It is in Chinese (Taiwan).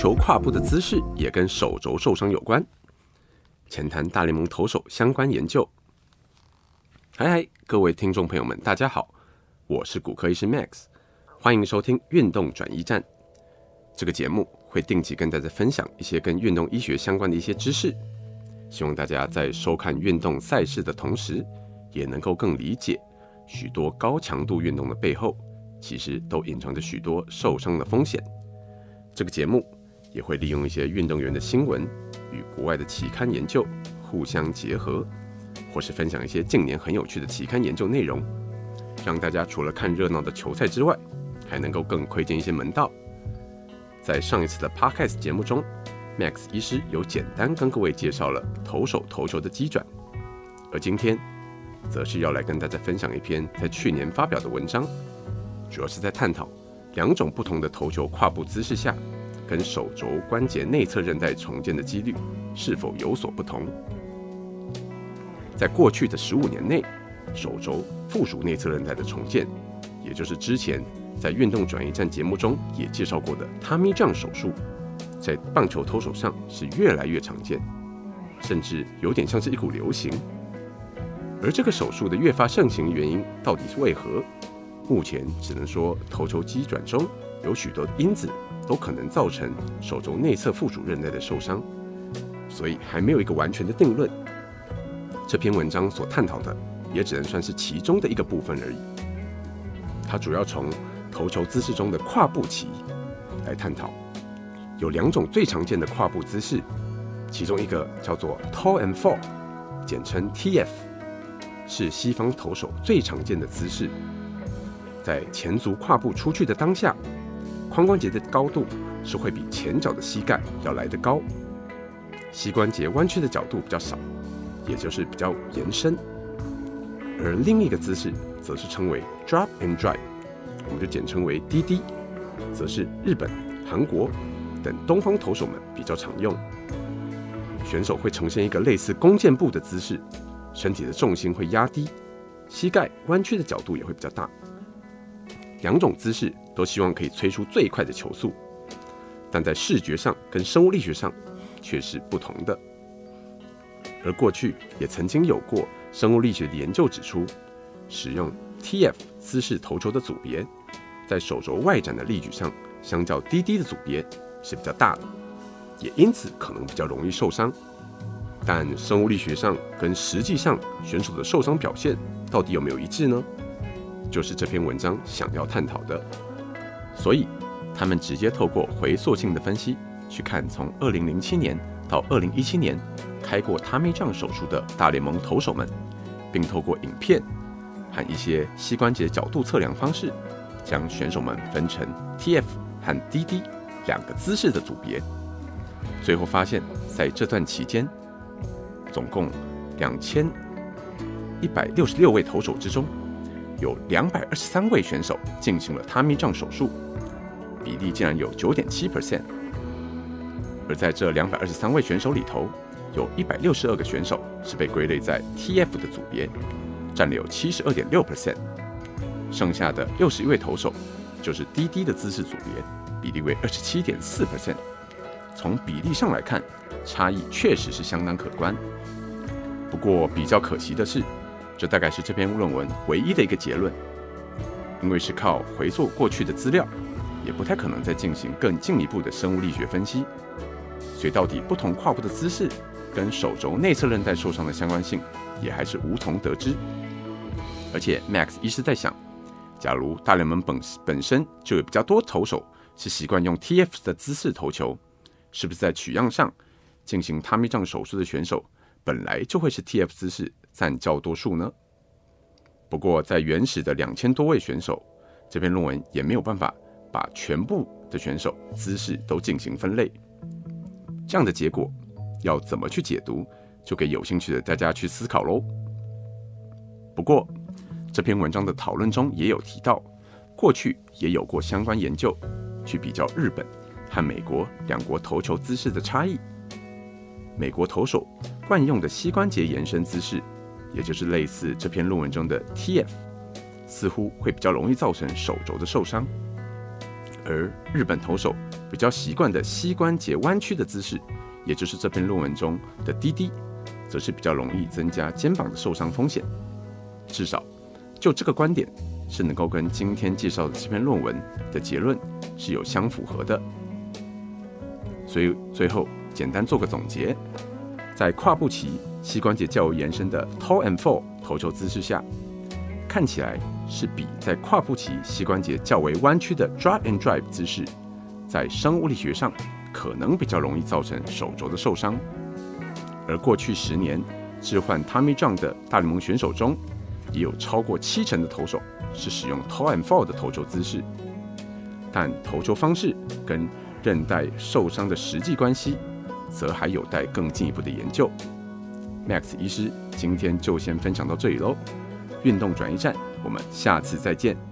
球跨步的姿勢也跟手肘受傷有關？淺談大聯盟投手相關研究。嗨嗨，各位聽眾朋友們，大家好，我是骨科醫師 Max，歡迎收聽《運動轉驛站》這個節目，會定期跟大家分享一些跟運動醫學相關的一些知識。希望大家在收看運動賽事的同時，也能夠更理解許多高強度運動的背後，其實都隱藏着許多受傷的風險。這個節目，也會利用一些運動員的新聞與國外的期刊研究互相結合，或是分享一些近年很有趣的期刊研究內容，讓大家除了看熱鬧的球賽之外，還能夠更窺見一些門道。在上一次的 Podcast 節目中，Max 醫師有簡單跟各位介紹了投手投球的機轉，而今天則是要來跟大家分享一篇在去年發表的文章，主要是在探討兩種不同的投球跨步姿勢下，跟手肘關節內側韌帶重建的幾率是否有所不同？在過去的十五年內，手肘附屬內側韌帶的重建，也就是之前在運動轉驛站節目中也介紹過的 Tommy John 手術，在棒球投手上是越來越常見，甚至有點像是一股流行。而這個手術的越發盛行原因到底是為何？目前只能說投球機轉中有許多因子。都可能造成手肘內側副主韌帶的受傷，所以還沒有一個完全的定論。這篇文章所探討的，也只能算是其中的一個部分而已。它主要從投球姿勢中的跨步期，來探討。有兩種最常見的跨步姿勢，其中一個叫做 Tall and Fall，簡稱 TF，是西方投手最常見的姿勢。在前足跨步出去的當下，髖關節的高度是會比前腳的膝蓋要來得高，膝關節彎曲的角度比較少，也就是比較延伸。而另一個姿勢則是稱為 Drop and Drive，我們就簡稱為 DD，則是日本、韓國等東方投手們比較常用。選手會呈現一個類似弓箭步的姿勢，身體的重心會壓低，膝蓋彎曲的角度也會比較大。兩種姿勢都希望可以催出最快的球速，但在視覺上跟生物力學上卻是不同的。而過去也曾經有過生物力學的研究指出，使用 TF 姿勢投球的組別，在手肘外展的力矩上，相較 DD 的組別是比較大的，也因此可能比較容易受傷。但生物力學上跟實際上選手的受傷表現到底有沒有一致呢？就是這篇文章想要探討的，所以他們直接透過回溯性的分析去看從2007年到2017年開過 Tommy John 手術的大聯盟投手們，並透過影片和一些膝關節角度測量方式，將選手們分成 TF 和 DD 兩個姿勢的組別。最後發現，在這段期間，總共2166位投手之中。有兩百二十三位選手進行了 Tommy John 手術，比例竟然有九點七 percent。而在這兩百二十三位選手裡頭，有一百六十二個選手是被歸類在 TF 的組別，占了有七十二點六 percent。剩下的六十一位投手就是 DD 的姿勢組別，比例為二十七點四 percent。從比例上來看，差異確實是相當可觀。不過比較可惜的是，這大概是這篇論文唯一的一個結論，因為是靠回溯過去的資料，也不太可能再進行更進一步的生物力學分析，所以到底不同跨步的姿勢跟手肘內側韌帶受傷的相關性，也還是無從得知。而且，Max 一直在想，假如大聯盟本本身就有比較多投手是習慣用 TF 的姿勢投球，是不是在取樣上進行 Tommy John 手術的選手？本來就會是 TF 姿勢占較多數呢？不過，在原始的兩千多位選手，這篇論文也沒有辦法把全部的選手姿勢都進行分類。這樣的結果要怎麼去解讀，就給有興趣的大家去思考嘍。不過，這篇文章的討論中也有提到，過去也有過相關研究，去比較日本和美國兩國投球姿勢的差異。美國投手。慣用的膝關節延伸姿勢，也就是類似這篇論文中的 TF，似乎會比較容易造成手肘的受傷；而日本投手比較習慣的膝關節彎曲的姿勢，也就是這篇論文中的 DD，則是比較容易增加肩膀的受傷風險。至少就這個觀點，是能夠跟今天介紹的這篇論文的結論是有相符合的。所以最後簡單做個總結。在跨步期，膝關節較為延伸的 tall and fall 投球姿勢下，看起來是比在跨步期，膝關節較為彎曲的 drop and drive 姿勢，在生物力學上可能比較容易造成手肘的受傷。而過去十年，置換 Tommy John 的大聯盟選手中，也有超過七成的投手是使用 tall and fall 的投球姿勢，但投球方式跟韌帶受傷的實際關係則還有待更進一步的研究。Max 醫師，今天就先分享到這裡嘍。運動轉驛站，我們下次再見。